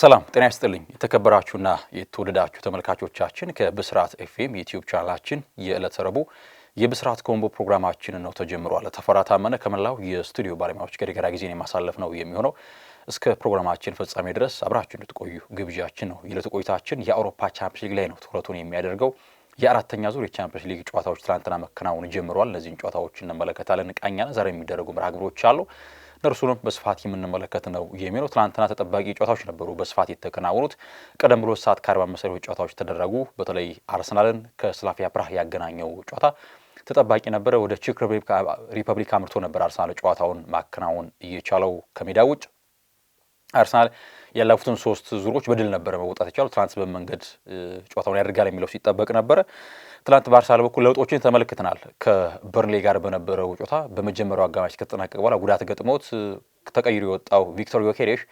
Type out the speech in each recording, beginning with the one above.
ሰላም ጤና ይስጥልኝ። የተከበራችሁና የተወደዳችሁ ተመልካቾቻችን ከብስራት ኤፍኤም ዩትዩብ ቻናላችን የዕለተ ረቡዕ የብስራት ኮምቦ ፕሮግራማችንን ነው ተጀምሯል። ተፈራ ታመነ ከመላው የስቱዲዮ ባለሙያዎች ጋር የጋራ ጊዜን የማሳለፍ ነው የሚሆነው። እስከ ፕሮግራማችን ፍጻሜ ድረስ አብራችሁ እንድትቆዩ ግብዣችን ነው። የዕለቱ ቆይታችን የአውሮፓ ቻምፒዮንስ ሊግ ላይ ነው ትኩረቱን የሚያደርገው። የአራተኛ ዙር የቻምፒዮንስ ሊግ ጨዋታዎች ትናንትና መከናወን ጀምሯል። እነዚህን ጨዋታዎች እንመለከታለን፣ እንቃኛለን። ዛሬ የሚደረጉ መርሃ ግብሮች አሉ። እነርሱንም በስፋት የምንመለከት ነው የሚለው። ትናንትና ተጠባቂ ጨዋታዎች ነበሩ በስፋት የተከናወኑት። ቀደም ብሎ ሰዓት ከአርባ መሰሪዎች ጨዋታዎች ተደረጉ። በተለይ አርሰናልን ከስላፊያ ፕራህ ያገናኘው ጨዋታ ተጠባቂ ነበረ። ወደ ቼክ ሪፐብሊክ አምርቶ ነበር አርሰናል ጨዋታውን ማከናወን እየቻለው ከሜዳ ውጭ አርሰናል ያለፉትን ሶስት ዙሮች በድል ነበረ መውጣት የቻለው። ትናንት በመንገድ ጨዋታውን ያደርጋል የሚለው ሲጠበቅ ነበረ። ትናንት በአርሰናል በኩል ለውጦችን ተመልክተናል። ከበርንሌ ጋር በነበረው ጨዋታ በመጀመሪያው አጋማሽ ከተጠናቀቀ በኋላ ጉዳት ገጥሞት ተቀይሮ የወጣው ቪክቶር ዮኬሬሽ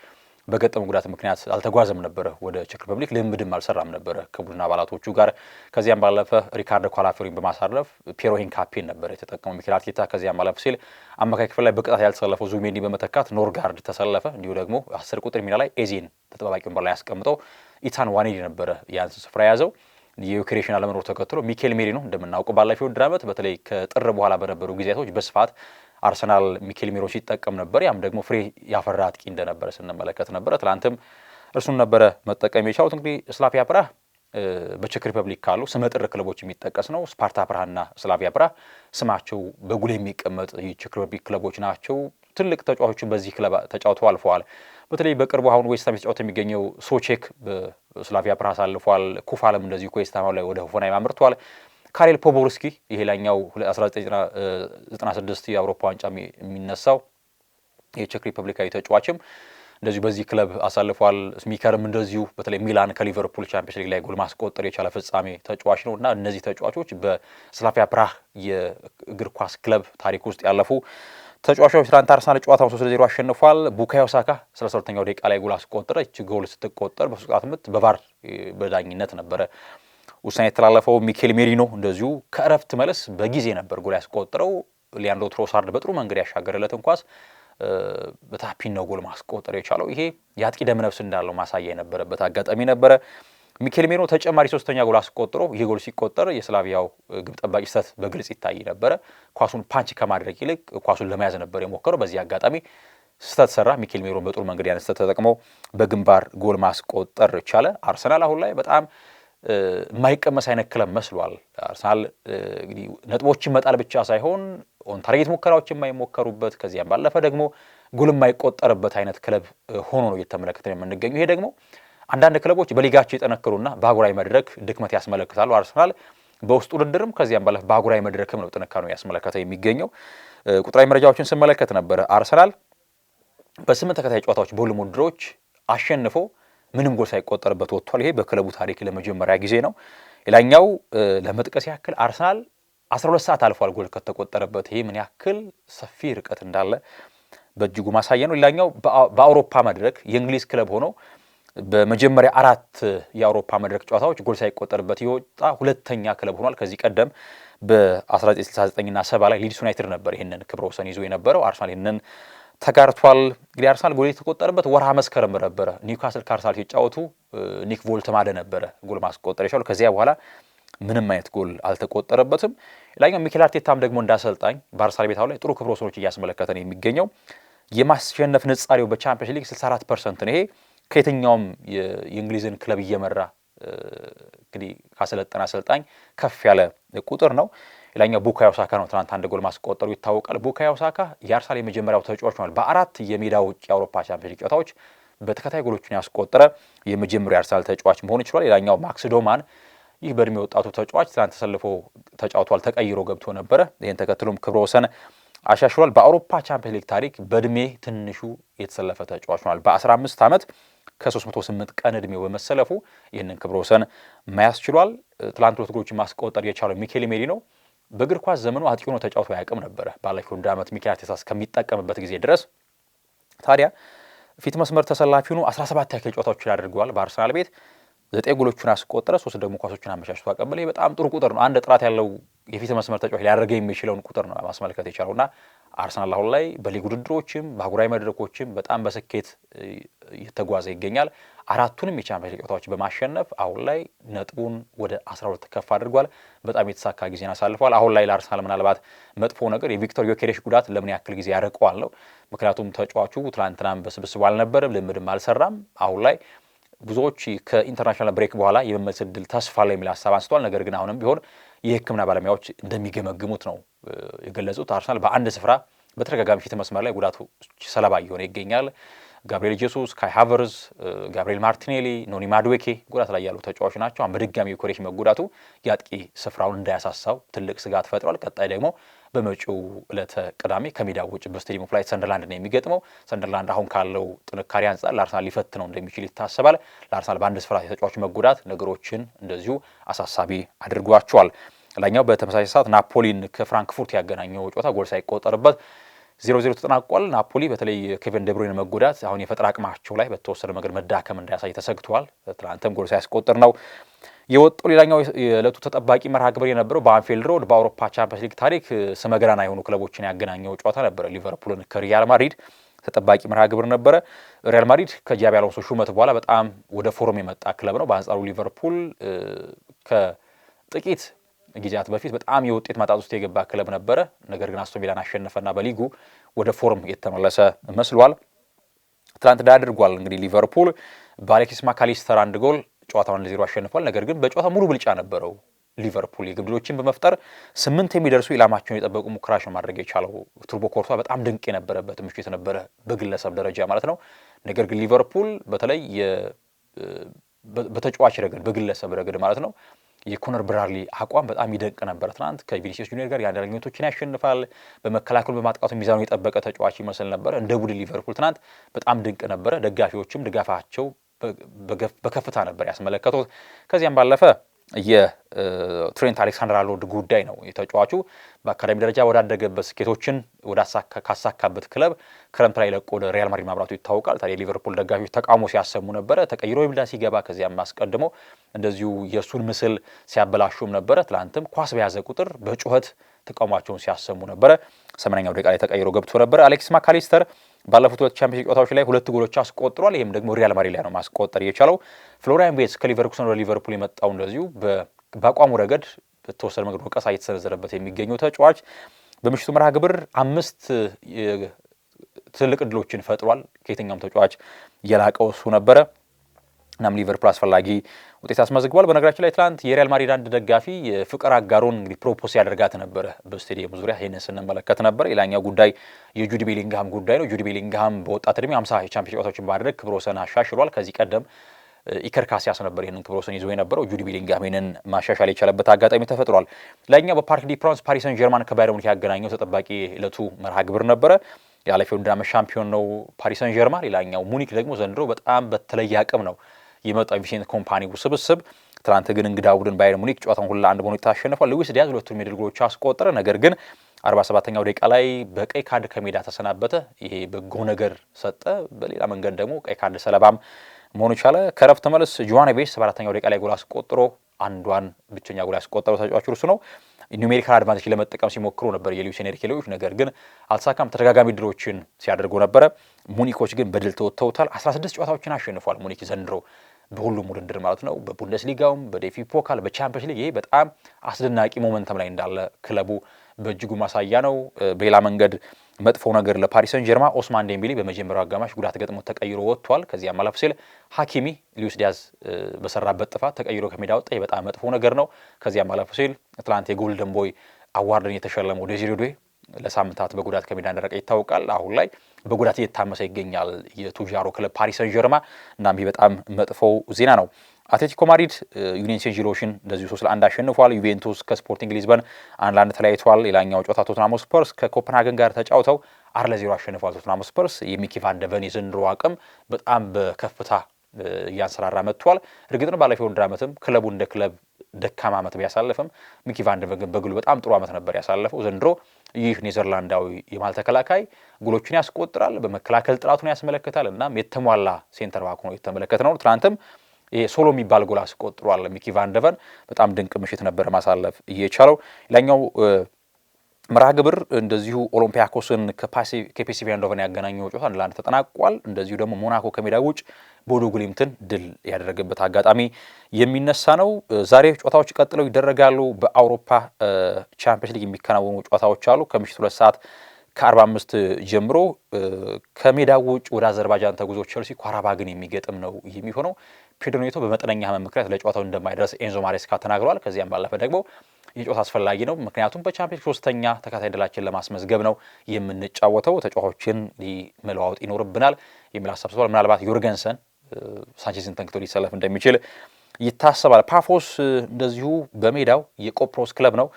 በገጠመው ጉዳት ምክንያት አልተጓዘም ነበረ ወደ ቼክ ሪፐብሊክ፣ ልምምድም አልሰራም ነበረ ከቡድን አባላቶቹ ጋር። ከዚያም ባለፈ ሪካርዶ ካላፊዮሪን በማሳረፍ ፒየር ሂንካፒን ነበረ የተጠቀመው ሚኬል አርቴታ። ከዚያም ባለፈ ሲል አማካይ ክፍል ላይ በቅጣት ያልተሰለፈው ዙሜኒ በመተካት ኖርጋርድ ተሰለፈ። እንዲሁ ደግሞ አስር ቁጥር ሚና ላይ ኤዜን ተጠባባቂ ወንበር ላይ ያስቀምጠው ኢታን ዋኔዲ ነበረ ያንስ ስፍራ የያዘው። የዩክሬሽን አለመኖር ተከትሎ ሚኬል ሜሪኖ እንደምናውቀው ባለፈው ውድድር ዓመት በተለይ ከጥር በኋላ በነበሩ ጊዜያቶች በስፋት አርሰናል ሚኬል ሜሪኖ ሲጠቀም ነበር። ያም ደግሞ ፍሬ ያፈራ አጥቂ እንደነበረ ስንመለከት ነበረ። ትላንትም እርሱን ነበረ መጠቀም የቻሉት። እንግዲህ ስላቪያ ፕራ በቼክ ሪፐብሊክ ካሉ ስመጥር ክለቦች የሚጠቀስ ነው። ስፓርታ ፕራህና ስላቪያ ፕራ ስማቸው በጉልህ የሚቀመጥ የቼክ ሪፐብሊክ ክለቦች ናቸው። ትልቅ ተጫዋቾችን በዚህ ክለብ ተጫውተው አልፈዋል። በተለይ በቅርቡ አሁን ዌስትሃም የተጫወተ የሚገኘው ሶቼክ ስላቪያ ፕራሃ አሳልፏል። ኩፋለም እንደዚሁ ከኢስታማ ላይ ወደ ሆፈንሃይም አምርቷል። ካሬል ፖቦርስኪ ይሄ ላኛው 1996 የአውሮፓ ዋንጫ የሚነሳው የቼክ ሪፐብሊካዊ ተጫዋችም እንደዚሁ በዚህ ክለብ አሳልፏል። ስሚከርም እንደዚሁ በተለይ ሚላን ከሊቨርፑል ቻምፒየንስ ሊግ ላይ ጎል ማስቆጠር የቻለ ፍጻሜ ተጫዋች ነው እና እነዚህ ተጫዋቾች በስላፊያ ፕራህ የእግር ኳስ ክለብ ታሪክ ውስጥ ያለፉ ተጫዋቾች ትናንት አርሰናል ጨዋታውን ሶስት ለዜሮ አሸንፏል። ቡካዮ ሳካ ስለ ሰለተኛው ደቂቃ ላይ ጎል አስቆጠረ። ይቺ ጎል ስትቆጠር በሶስት ቅጣት ምት በቫር በዳኝነት ነበረ ውሳኔ የተላለፈው። ሚኬል ሜሪኖ እንደዚሁ ከእረፍት መለስ በጊዜ ነበር ጎል ያስቆጠረው። ሊያንድሮ ትሮሳርድ በጥሩ መንገድ ያሻገረለትን ኳስ በታፒን ነው ጎል ማስቆጠር የቻለው። ይሄ የአጥቂ ደመነፍስ እንዳለው ማሳያ የነበረበት አጋጣሚ ነበረ። ሚኬል ሜሪኖ ተጨማሪ ሶስተኛ ጎል አስቆጥሮ ይህ ጎል ሲቆጠር የስላቪያው ግብ ጠባቂ ስህተት በግልጽ ይታይ ነበረ። ኳሱን ፓንች ከማድረግ ይልቅ ኳሱን ለመያዝ ነበር የሞከረው። በዚህ አጋጣሚ ስህተት ሰራ። ሚኬል ሜሪኖ በጥሩ መንገድ ያን ስህተት ተጠቅሞ በግንባር ጎል ማስቆጠር ቻለ። አርሰናል አሁን ላይ በጣም የማይቀመስ አይነት ክለብ መስሏል። አርሰናል እንግዲህ ነጥቦችን መጣል ብቻ ሳይሆን ኦን ታርጌት ሙከራዎች የማይሞከሩበት ከዚያም ባለፈ ደግሞ ጎል የማይቆጠርበት አይነት ክለብ ሆኖ ነው እየተመለከተ ነው የምንገኙ ይሄ ደግሞ አንዳንድ ክለቦች በሊጋቸው የጠነክሩና በአጉራዊ መድረክ ድክመት ያስመለክታሉ። አርሰናል በውስጥ ውድድርም ከዚያም ባለፈ በአጉራዊ መድረክም ነው ጥንካሬው ያስመለከተ የሚገኘው። ቁጥራዊ መረጃዎችን ስመለከት ነበረ። አርሰናል በስምንት ተከታይ ጨዋታዎች በሁሉም ውድድሮች አሸንፎ ምንም ጎል ሳይቆጠርበት ወጥቷል። ይሄ በክለቡ ታሪክ ለመጀመሪያ ጊዜ ነው። ሌላኛው ለመጥቀስ ያክል አርሰናል 12 ሰዓት አልፏል ጎል ከተቆጠረበት። ይሄ ምን ያክል ሰፊ ርቀት እንዳለ በእጅጉ ማሳየ ነው። ሌላኛው በአውሮፓ መድረክ የእንግሊዝ ክለብ ሆኖ በመጀመሪያ አራት የአውሮፓ መድረክ ጨዋታዎች ጎል ሳይቆጠርበት የወጣ ሁለተኛ ክለብ ሆኗል። ከዚህ ቀደም በ1969ና 70 ላይ ሊድስ ዩናይትድ ነበር ይህንን ክብረ ወሰን ይዞ የነበረው። አርሰናል ይህንን ተጋርቷል። እንግዲህ አርሰናል ጎል የተቆጠረበት ወርሃ መስከረም ነበረ። ኒውካስል ከአርሰናል ሲጫወቱ ኒክ ቮልተማደ ነበረ ጎል ማስቆጠር የቻሉ። ከዚያ በኋላ ምንም አይነት ጎል አልተቆጠረበትም። ሌላኛው ሚኬል አርቴታም ደግሞ እንዳሰልጣኝ በአርሰናል ቤታው ላይ ጥሩ ክብረ ወሰኖች እያስመለከተ ነው የሚገኘው። የማስሸነፍ ንጻሬው በቻምፒዮንስ ሊግ 64 ፐርሰንት ነው። ይሄ ከየትኛውም የእንግሊዝን ክለብ እየመራ እንግዲህ ካሰለጠነ አሰልጣኝ ከፍ ያለ ቁጥር ነው። ሌላኛው ቡካዮ ሳካ ነው። ትናንት አንድ ጎል ማስቆጠሩ ይታወቃል። ቡካዮ ሳካ የአርሳል የመጀመሪያው ተጫዋች ሆኗል። በአራት የሜዳ ውጭ የአውሮፓ ቻምፒዮንስ ጨዋታዎች በተከታይ ጎሎቹን ያስቆጠረ የመጀመሪያው የአርሳል ተጫዋች መሆን ይችሏል። ሌላኛው ማክስ ዶማን ይህ በእድሜ ወጣቱ ተጫዋች ትናንት ተሰልፎ ተጫውቷል። ተቀይሮ ገብቶ ነበረ። ይህን ተከትሎም ክብረ ወሰን አሻሽሏል። በአውሮፓ ቻምፒየንስ ሊግ ታሪክ በእድሜ ትንሹ የተሰለፈ ተጫዋች ሆኗል። በ15 ዓመት ከ308 ቀን እድሜው በመሰለፉ ይህንን ክብረ ወሰን መያዝ ችሏል። ትላንት ሁለት ጎሎችን ማስቆጠር የቻለው ሚኬል ሜሪኖ በእግር ኳስ ዘመኑ አጥቂ ሆኖ ተጫውቶ አያውቅም ነበረ። ባለፈው አንድ ዓመት ሚኬል አርቴታ እስከሚጠቀምበት ጊዜ ድረስ ታዲያ ፊት መስመር ተሰላፊ ሆኖ 17 ያክል ጨዋታዎችን አድርገዋል በአርሰናል ቤት ዘጠኝ ጎሎቹን አስቆጠረ፣ ሶስት ደግሞ ኳሶቹን አመቻችቶ አቀበለ። በጣም ጥሩ ቁጥር ነው። አንድ ጥራት ያለው የፊት መስመር ተጫዋች ሊያደርገ የሚችለውን ቁጥር ነው ማስመልከት እና አርሰናል አሁን ላይ በሊግ ውድድሮችም በአህጉራዊ መድረኮችም በጣም በስኬት እየተጓዘ ይገኛል። አራቱንም የቻምፒየንስ ሊግ ጨዋታዎች በማሸነፍ አሁን ላይ ነጥቡን ወደ 12 ከፍ አድርጓል። በጣም የተሳካ ጊዜን አሳልፏል። አሁን ላይ ለአርሰናል ምናልባት መጥፎ ነገር የቪክቶር ዮኬሬሽ ጉዳት ለምን ያክል ጊዜ ያርቀዋል ነው። ምክንያቱም ተጫዋቹ ትላንትናም በስብስቡ አልነበረም፣ ልምድም አልሰራም። አሁን ላይ ብዙዎች ከኢንተርናሽናል ብሬክ በኋላ የመመለስ እድል ተስፋ ላይ የሚል ሀሳብ አንስተዋል። ነገር ግን አሁንም ቢሆን የሕክምና ባለሙያዎች እንደሚገመግሙት ነው የገለጹት። አርሰናል በአንድ ስፍራ በተደጋጋሚ ፊት መስመር ላይ ጉዳቶች ሰለባ እየሆነ ይገኛል። ጋብሪኤል ጄሱስ፣ ካይ ሃቨርዝ፣ ጋብሪኤል ማርቲኔሊ፣ ኖኒ ማድዌኬ ጉዳት ላይ ያሉ ተጫዋች ናቸው። አሁን በድጋሚ ኮሬሽ መጎዳቱ የአጥቂ ስፍራውን እንዳያሳሳው ትልቅ ስጋት ፈጥሯል። ቀጣይ ደግሞ በመጪው ዕለተ ቅዳሜ ከሜዳ ውጭ በስቴዲየም ኦፍ ላይት ሰንደርላንድ ነው የሚገጥመው። ሰንደርላንድ አሁን ካለው ጥንካሬ አንጻር ለአርሰናል ሊፈት ነው እንደሚችል ይታሰባል። ለአርሰናል በአንድ ስፍራ የተጫዋች መጎዳት ነገሮችን እንደዚሁ አሳሳቢ አድርጓቸዋል። ላኛው በተመሳሳይ ሰዓት ናፖሊን ከፍራንክፉርት ያገናኘው ጨዋታ ጎል ሳይቆጠርበት ዜሮ ዜሮ ተጠናቋል። ናፖሊ በተለይ ኬቨን ደብሩይን መጎዳት አሁን የፈጠራ አቅማቸው ላይ በተወሰነ መንገድ መዳከም እንዳያሳይ ተሰግቷል። ትናንትም ጎል ሳያስቆጥር ነው የወጣው። ሌላኛው የዕለቱ ተጠባቂ መርሃ ግብር የነበረው በአንፊልድ ሮድ በአውሮፓ ቻምፒየንስ ሊግ ታሪክ ስመገናና የሆኑ ክለቦችን ያገናኘው ጨዋታ ነበረ። ሊቨርፑልን ከሪያል ማድሪድ ተጠባቂ መርሃ ግብር ነበረ። ሪያል ማድሪድ ከጃቢ አሎንሶ ሹመት በኋላ በጣም ወደ ፎርም የመጣ ክለብ ነው። በአንጻሩ ሊቨርፑል ከጥቂት ጊዜያት በፊት በጣም የውጤት ማጣት ውስጥ የገባ ክለብ ነበረ። ነገር ግን አስቶን ቪላን አሸነፈና በሊጉ ወደ ፎርም የተመለሰ መስሏል። ትላንት ዳ አድርጓል። እንግዲህ ሊቨርፑል በአሌክሲስ ማካሊስተር አንድ ጎል ጨዋታውን ለዜሮ አሸንፏል። ነገር ግን በጨዋታ ሙሉ ብልጫ ነበረው ሊቨርፑል የግብ ዕድሎችን በመፍጠር ስምንት የሚደርሱ ኢላማቸውን የጠበቁ ሙከራሽ ማድረግ የቻለው ቱርቦ ኮርቷ በጣም ድንቅ የነበረበት ምሽት ነበረ፣ በግለሰብ ደረጃ ማለት ነው። ነገር ግን ሊቨርፑል በተለይ በተጫዋች ረገድ በግለሰብ ረገድ ማለት ነው የኮነር ብራድሊ አቋም በጣም ይደንቅ ነበር። ትናንት ከቪኒሲየስ ጁኒየር ጋር ያደረገ ግኝቶችን ያሸንፋል። በመከላከሉ በማጥቃቱ ሚዛኑ የጠበቀ ተጫዋች ይመስል ነበር። እንደ ቡድን ሊቨርፑል ትናንት በጣም ድንቅ ነበረ። ደጋፊዎችም ድጋፋቸው በከፍታ ነበር ያስመለከቱት። ከዚያም ባለፈ የትሬንት አሌክሳንደር አርኖልድ ጉዳይ ነው። የተጫዋቹ በአካዳሚ ደረጃ ወዳደገበት ስኬቶችን ካሳካበት ክለብ ክረምት ላይ ለቆ ወደ ሪያል ማድሪድ ማብራቱ ይታወቃል። ታዲያ ሊቨርፑል ደጋፊዎች ተቃውሞ ሲያሰሙ ነበረ። ተቀይሮ ይብላ ሲገባ ከዚያም አስቀድሞ እንደዚሁ የእሱን ምስል ሲያበላሹም ነበረ። ትላንትም ኳስ በያዘ ቁጥር በጩኸት ተቃውሟቸውን ሲያሰሙ ነበረ። ሰማንያኛው ደቂቃ ላይ ተቀይሮ ገብቶ ነበረ። አሌክስ ማካሊስተር ባለፉት ሁለት ቻምፒዮንስ ጨዋታዎች ላይ ሁለት ጎሎች አስቆጥሯል። ይህም ደግሞ ሪያል ማድሪድ ላይ ነው ማስቆጠር የቻለው። ፍሎሪያን ቤስ ከሊቨርኩሰን ወደ ሊቨርፑል የመጣው እንደዚሁ በአቋሙ ረገድ በተወሰነ መንገድ ወቀሳ እየተሰነዘረበት የሚገኘው ተጫዋች በምሽቱ መርሃ ግብር አምስት ትልቅ እድሎችን ፈጥሯል። ከየትኛውም ተጫዋች የላቀው እሱ ነበረ። እናም ሊቨርፑል አስፈላጊ ውጤት አስመዝግቧል። በነገራችን ላይ ትላንት የሪያል ማድሪድ አንድ ደጋፊ የፍቅር አጋሩን እንግዲህ ፕሮፖስ ያደርጋት ነበረ በስቴዲየሙ ዙሪያ ይህንን ስንመለከት ነበር። ሌላኛው ጉዳይ የጁድ ቤሊንግሃም ጉዳይ ነው። ጁድ ቤሊንግሃም በወጣት እድሜ አምሳ የቻምፒዮን ጨዋታዎችን ማድረግ ክብረ ወሰን አሻሽሏል። ከዚህ ቀደም ኢከር ካሲያስ ነበር ይህንን ክብረ ወሰን ይዞ የነበረው። ጁድ ቤሊንግሃም ይህንን ማሻሻል የቻለበት አጋጣሚ ተፈጥሯል። ሌላኛው በፓርክ ዲ ፕራንስ ፓሪሰን ጀርማን ከባየር ሙኒክ ያገናኘው ተጠባቂ ዕለቱ መርሃ ግብር ነበረ። የአለፌው ዓመት ሻምፒዮን ነው ፓሪሰን ጀርማን። ሌላኛው ሙኒክ ደግሞ ዘንድሮ በጣም በተለየ አቅም ነው የመጣው ቪሴንት ኮምፓኒ ስብስብ ትናንት ግን እንግዳ ቡድን ባየር ሙኒክ ጨዋታውን ሁላ አንድ በሆኑ ታሸንፏል። ሉዊስ ዲያዝ ሁለቱን የድል ጎሎች አስቆጠረ። ነገር ግን 47ኛው ደቂቃ ላይ በቀይ ካርድ ከሜዳ ተሰናበተ። ይሄ በጎ ነገር ሰጠ። በሌላ መንገድ ደግሞ ቀይ ካርድ ሰለባም መሆኑ ቻለ። ከረፍት መልስ ጆዋን ቤስ 74ኛው ደቂቃ ላይ ጎል አስቆጥሮ አንዷን ብቸኛ ጎል ያስቆጠረው ተጫዋች እርሱ ነው። ኒሜሪካል አድቫንቴጅ ለመጠቀም ሲሞክሩ ነበር የሉዊስ ኤንሪኬ ሌሎች፣ ነገር ግን አልተሳካም። ተደጋጋሚ ድሮችን ሲያደርጉ ነበረ። ሙኒኮች ግን በድል ተወጥተውታል። 16 ጨዋታዎችን አሸንፏል ሙኒክ ዘንድሮ በሁሉም ውድድር ማለት ነው። በቡንደስሊጋውም፣ በዴፊ ፖካል፣ በቻምፒየንስ ሊግ ይሄ በጣም አስደናቂ ሞመንተም ላይ እንዳለ ክለቡ በእጅጉ ማሳያ ነው። በሌላ መንገድ መጥፎ ነገር ለፓሪሰን ጀርማ ኦስማን ዴምቤሌ በመጀመሪያው አጋማሽ ጉዳት ገጥሞ ተቀይሮ ወጥቷል። ከዚያ ማለፍ ሲል ሀኪሚ ሊዩስ ዲያዝ በሰራበት ጥፋት ተቀይሮ ከሜዳ ወጣ። በጣም መጥፎ ነገር ነው። ከዚያ ማለፍ ሲል ትላንት የጎልደን ቦይ አዋርድን የተሸለመው ዴዚሬ ዶዌ ለሳምንታት በጉዳት ከሜዳ እንደረቀ ይታወቃል። አሁን ላይ በጉዳት እየታመሰ ይገኛል የቱጃሮ ክለብ ፓሪስ ሰን ጀርማ። እናም ይህ በጣም መጥፎ ዜና ነው። አትሌቲኮ ማድሪድ ዩኒየን ሴን ጂሮሽን እንደዚሁ ሶስት ለአንድ አሸንፏል። ዩቬንቱስ ከስፖርቲንግ ሊዝበን አንድ ለአንድ ተለያይቷል። ሌላኛው ጨዋታ ቶትናሞ ስፐርስ ከኮፐንሃገን ጋር ተጫውተው አር ለዜሮ አሸንፏል። ቶትናሞ ስፐርስ የሚኪ ቫን ደቨን የዘንድሮ አቅም በጣም በከፍታ እያንሰራራ መጥቷል። እርግጥን ባለፈው ወንድ ዓመትም ክለቡ እንደ ክለብ ደካማ ዓመት ቢያሳልፍም ሚኪ ቫንደቨግን በግሉ በጣም ጥሩ ዓመት ነበር ያሳለፈው። ዘንድሮ ይህ ኔዘርላንዳዊ የማል ተከላካይ ጎሎችን ያስቆጥራል፣ በመከላከል ጥራቱን ያስመለክታል። እናም የተሟላ ሴንተር ባክ ሆኖ የተመለከተ ነው። ትናንትም ሶሎ የሚባል ጎል አስቆጥሯል ሚኪ ቫንደቨን። በጣም ድንቅ ምሽት ነበር ማሳለፍ እየቻለው ሌላኛው መርሃ ግብር እንደዚሁ ኦሎምፒያኮስን ከፔሲቪ አይንድሆቨን ያገናኘው ጨዋታ አንድ ለአንድ ተጠናቋል። እንደዚሁ ደግሞ ሞናኮ ከሜዳ ውጭ ቦዶ ግሊምትን ድል ያደረገበት አጋጣሚ የሚነሳ ነው። ዛሬ ጨዋታዎች ቀጥለው ይደረጋሉ። በአውሮፓ ቻምፒየንስ ሊግ የሚከናወኑ ጨዋታዎች አሉ። ከምሽት ሁለት ሰዓት ከአርባ አምስት ጀምሮ ከሜዳ ውጭ ወደ አዘርባጃን ተጉዞ ቸልሲ ኳራባግን የሚገጥም ነው የሚሆነው። ፔዶኔቶ በመጠነኛ ሕመም ምክንያት ለጨዋታው እንደማይደረስ ኤንዞ ማሬስካ ተናግረዋል። ከዚያም ባለፈ ደግሞ የጮት አስፈላጊ ነው። ምክንያቱም በቻምፒዮንስ ሶስተኛ ተከታይ ድላችን ለማስመዝገብ ነው የምንጫወተው። ተጫዋቾችን መለዋወጥ ይኖርብናል የሚል ሀሳብ ስቧል። ምናልባት ዮርገንሰን ሳንቼዝን ተንክቶ ሊሰለፍ እንደሚችል ይታሰባል። ፓፎስ እንደዚሁ በሜዳው የቆጵሮስ ክለብ ነው።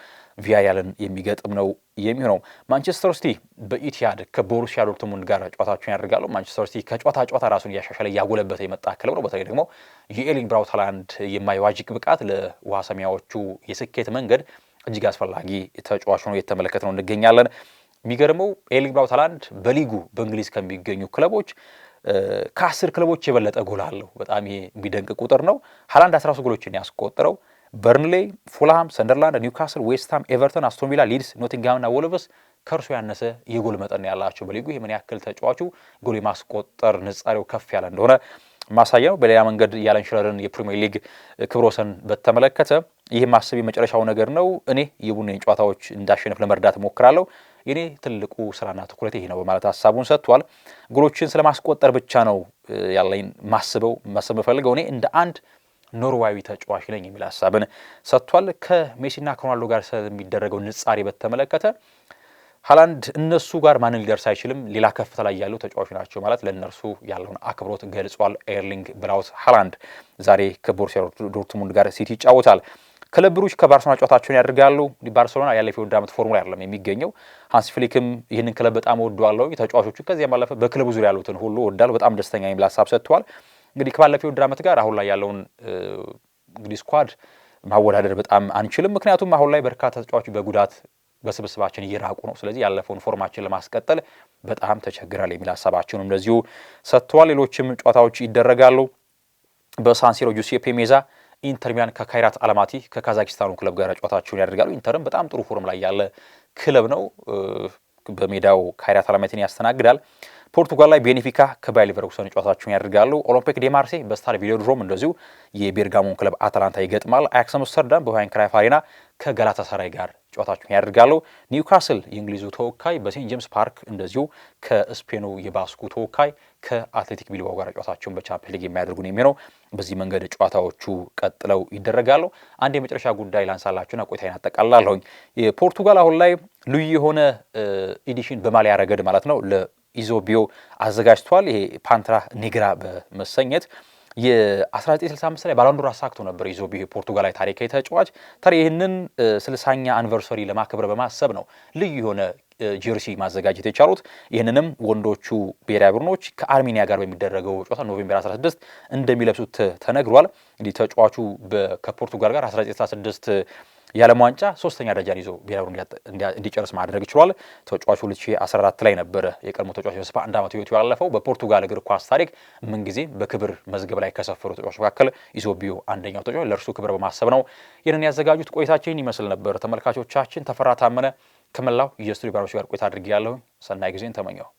ቪያያልን የሚገጥም ነው የሚሆነው። ማንቸስተር ሲቲ በኢቲሃድ ከቦሩሲያ ዶርትሙንድ ጋር ጨዋታቸውን ያደርጋሉ። ማንቸስተር ሲቲ ከጨዋታ ጨዋታ ራሱን እያሻሻለ እያጎለበተ የመጣ ክለብ ነው። በተለይ ደግሞ የኤሊንግ ብራውት ሃላንድ የማይዋዥቅ ብቃት ለውሃ ሰማያዎቹ የስኬት መንገድ እጅግ አስፈላጊ ተጫዋች ሆኖ እየተመለከት ነው እንገኛለን። የሚገርመው ኤሊንግ ብራውት ሃላንድ በሊጉ በእንግሊዝ ከሚገኙ ክለቦች ከአስር ክለቦች የበለጠ ጎል አለው። በጣም ይሄ የሚደንቅ ቁጥር ነው። ሃላንድ 13 ጎሎችን ያስቆጥረው በርንሌ፣ ፉልሃም፣ ሰንደርላንድ፣ ኒውካስል፣ ዌስትሃም፣ ኤቨርተን፣ አስቶንቪላ፣ ሊድስ፣ ኖቲንግሃምና ወልቨስ ከእርሱ ያነሰ የጎል መጠን ያላቸው በሊጉ ይህ ምን ያክል ተጫዋቹ ጎል የማስቆጠር ንጻሬው ከፍ ያለ እንደሆነ ማሳያ ነው። በሌላ መንገድ ያለን ሽረርን የፕሪሚየር ሊግ ክብረ ወሰን በተመለከተ ይህ ማሰብ የመጨረሻው ነገር ነው። እኔ የቡድኔን ጨዋታዎች እንዳሸነፍ ለመርዳት እሞክራለሁ። የኔ ትልቁ ስራና ትኩረት ይሄ ነው በማለት ሀሳቡን ሰጥቷል። ጎሎችን ስለማስቆጠር ብቻ ነው ያለኝ ማስበው ማሰብ የምፈልገው እኔ እንደ አንድ ኖርዋዊ ተጫዋች ነኝ የሚል ሀሳብን ሰጥቷል። ከሜሲና ከሮናልዶ ጋር ስለሚደረገው ንጻሬ በተመለከተ ሀላንድ እነሱ ጋር ማንም ሊደርስ አይችልም፣ ሌላ ከፍታ ላይ ያሉ ተጫዋች ናቸው ማለት ለእነርሱ ያለውን አክብሮት ገልጿል። ኤርሊንግ ብራውት ሀላንድ ዛሬ ከቦርሲያ ዶርትሙንድ ጋር ሲቲ ይጫወታል። ክለብ ብሩጅ ጨዋታቸውን ያደርጋሉ። ባርሰሎና ያለፈው የውድድር ዓመት ፎርሙላ አይደለም የሚገኘው። ሀንስ ፍሊክም ይህንን ክለብ በጣም ወደዋለሁ፣ ተጫዋቾቹ ከዚያም ባለፈ በክለቡ ዙሪያ ያሉትን ሁሉ ወዳለሁ፣ በጣም ደስተኛ የሚል ሀሳብ ሰጥተዋል። እንግዲህ ከባለፈው የውድድር ዓመት ጋር አሁን ላይ ያለውን እንግዲህ ስኳድ ማወዳደር በጣም አንችልም። ምክንያቱም አሁን ላይ በርካታ ተጫዋቾች በጉዳት በስብስባችን እየራቁ ነው። ስለዚህ ያለፈውን ፎርማችን ለማስቀጠል በጣም ተቸግራል የሚል ሀሳባቸውንም እንደዚሁ ሰጥተዋል። ሌሎችም ጨዋታዎች ይደረጋሉ። በሳንሲሮ ጁሴፔ ሜዛ ኢንተር ሚላን ከካይራት አላማቲ ከካዛኪስታኑ ክለብ ጋር ጨዋታቸውን ያደርጋሉ። ኢንተርም በጣም ጥሩ ፎርም ላይ ያለ ክለብ ነው። በሜዳው ካይራት አላማቲን ያስተናግዳል። ፖርቱጋል ላይ ቤኔፊካ ከባየር ሌቨርኩሰን ጨዋታቸውን ያደርጋሉ። ኦሎምፒክ ዴማርሴ ማርሴ በስታድ ቬሎድሮም እንደዚሁ የቤርጋሞን ክለብ አታላንታ ይገጥማል። አያክስ አምስተርዳም ክራይፍ አሬና ከጋላታሳራይ ጋር ጨዋታቸውን ያደርጋሉ። ኒውካስል የእንግሊዙ ተወካይ በሴንት ጄምስ ፓርክ እንደዚሁ ከስፔኑ የባስኩ ተወካይ ከአትሌቲክ ቢልባው ጋር ጨዋታቸውን በቻምፒየንስ ሊግ የሚያደርጉ ነው የሚሆነው። በዚህ መንገድ ጨዋታዎቹ ቀጥለው ይደረጋሉ። አንድ የመጨረሻ ጉዳይ ላንሳላችሁና ቆይታዬን አጠቃላለሁኝ። የፖርቱጋል አሁን ላይ ልዩ የሆነ ኢዲሽን በማሊያ ረገድ ማለት ነው ቢዮ አዘጋጅቷል። ይሄ ፓንትራ ኔግራ በመሰኘት የ1965 ላይ ባላንዶር አሳክቶ ነበር ኢዞቢዮ የፖርቱጋላዊ ታሪካዊ ተጫዋች። ተር ይህንን ስልሳኛ አኒቨርሰሪ ለማክበር በማሰብ ነው ልዩ የሆነ ጀርሲ ማዘጋጀት የቻሉት። ይህንንም ወንዶቹ ብሔራዊ ቡድኖች ከአርሜኒያ ጋር በሚደረገው ጨዋታ ኖቬምበር 16 እንደሚለብሱት ተነግሯል። እንዲህ ተጫዋቹ ከፖርቱጋል ጋር 1936 የዓለም ዋንጫ ሶስተኛ ደረጃን ይዞ ብሔራዊ እንዲጨርስ ማድረግ ችሏል። ተጫዋቹ 2014 ላይ ነበረ የቀድሞ ተጫዋች በስፋ አንድ ዓመቱ ህይወቱ ያለፈው። በፖርቱጋል እግር ኳስ ታሪክ ምንጊዜ በክብር መዝገብ ላይ ከሰፈሩ ተጫዋች መካከል ኢዞቢዮ አንደኛው ተጫዋች ለእርሱ ክብር በማሰብ ነው ይህንን ያዘጋጁት። ቆይታችን ይመስል ነበር ተመልካቾቻችን። ተፈራ ታመነ ከመላው የስቱዲዮ ባሮች ጋር ቆይታ አድርጌ ያለሁኝ ሰናይ ጊዜን ተመኘው።